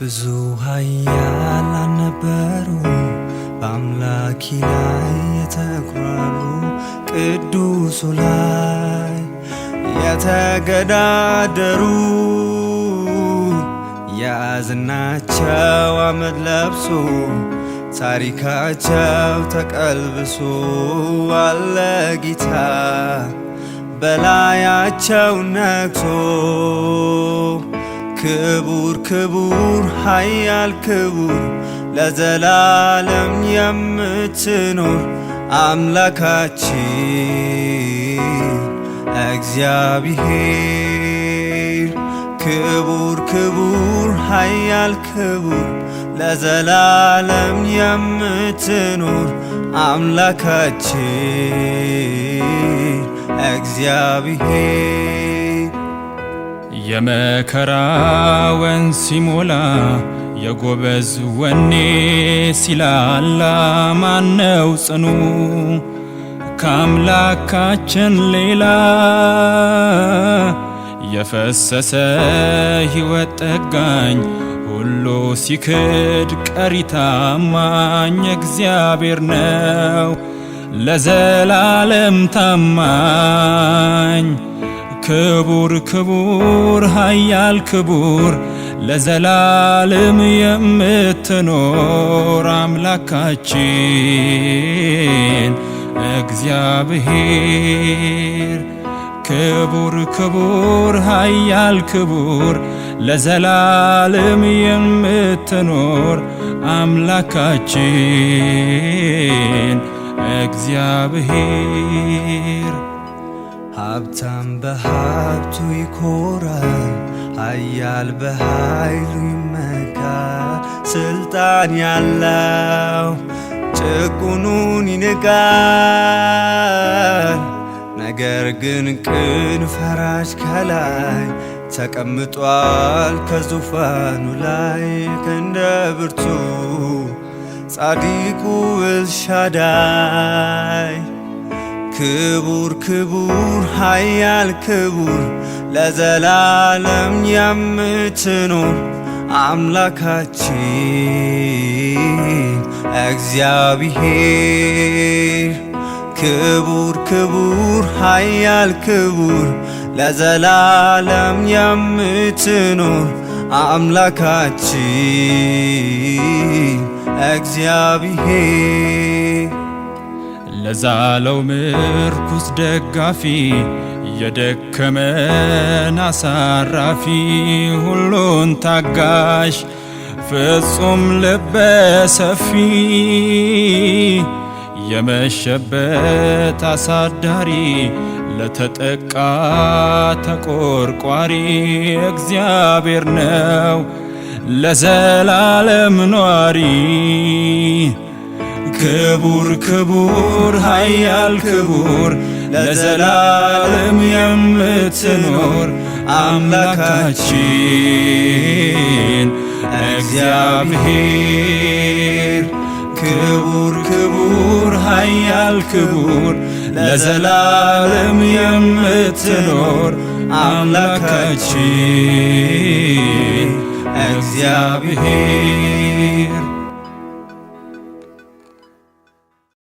ብዙ ኃያላን ነበሩ በአምላኪ ላይ የተኩራሩ፣ ቅዱሱ ላይ የተገዳደሩ የያዝናቸው አመድ ለብሶ ታሪካቸው ተቀልብሶ አለ ጌታ በላያቸው ነግሶ ክቡር ክቡር ኃያል ክቡር ለዘላለም የምትኖር አምላካችን እግዚአብሔር ክቡር ክቡር ኃያል ክቡር ለዘላለም የምትኖር አምላካችን እግዚአብሔር የመከራ ወን ሲሞላ የጎበዝ ወኔ ሲላላ ማነው ጽኑ ከአምላካችን ሌላ የፈሰሰ ሕይወት ጠጋኝ ሁሉ ሲክድ ቀሪ ታማኝ እግዚአብሔር ነው ለዘላለም ታማኝ ክቡር ክቡር ኃያል ክቡር ለዘላለም የምትኖር አምላካችን እግዚአብሔር ክቡር ክቡር ኃያል ክቡር ለዘላለም የምትኖር አምላካችን እግዚአብሔር ሀብታም በሀብቱ ይኮራል፣ ኃያል በኃይሉ ይመካል። ስልጣን ያለው ጭቁኑን ይንቃል። ነገር ግን ቅን ፈራጅ ከላይ ተቀምጧል ከዙፋኑ ላይ ከእንደ ብርቱ ጻዲቁ ኤልሻዳይ ክቡር ክቡር ኃያል ክቡር ለዘላለም የምትኖር አምላካችን እግዚአብሔር ክቡር ክቡር ኃያል ክቡር ለዘላለም የምትኖር አምላካችን እግዚአብሔር ለዛለው ምርኩስ ደጋፊ የደከመን አሳራፊ ሁሉን ታጋሽ ፍጹም ልበ ሰፊ የመሸበት አሳዳሪ ለተጠቃ ተቆርቋሪ እግዚአብሔር ነው ለዘላለም ኗሪ ክቡር ክቡር ኃያል ክቡር ለዘላለም የምትኖር አምላካችን እግዚአብሔር ክቡር ክቡር ኃያል ክቡር ለዘላለም የምትኖር አምላካችን እግዚአብሔር